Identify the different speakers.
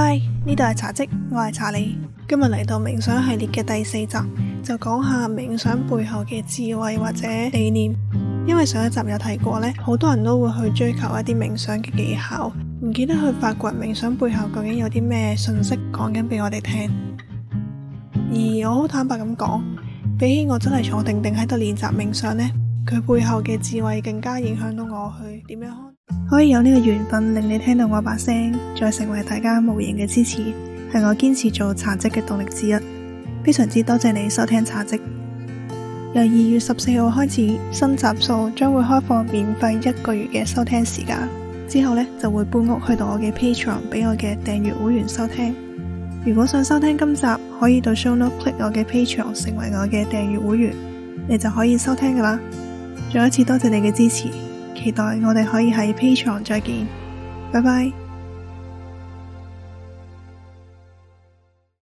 Speaker 1: 嗨，呢度係茶嘖，我係查理。今日嚟到冥想系列嘅第四集，就講下冥想背後嘅智慧或者理念。因為上一集有提過呢，好多人都會去追求一啲冥想嘅技巧，唔記得去發掘冥想背後究竟有啲咩信息，講緊俾我哋聽。而我好坦白咁講，比起我真係坐定定喺度練習冥想呢。佢背後嘅智慧更加影響到我去點樣，可以有呢個緣分令你聽到我把聲，再成為大家無形嘅支持，係我堅持做茶職嘅動力之一。非常之多謝你收聽茶職。由二月十四號開始，新集數將會開放免費一個月嘅收聽時間，之後呢，就會搬屋去到我嘅 Patreon 俾我嘅訂閱會員收聽。如果想收聽今集，可以到 show note click 我嘅 Patreon 成為我嘅訂閱會員，你就可以收聽噶啦。再一次多謝你嘅支持，期待我哋可以喺 Patreon 再見，拜拜。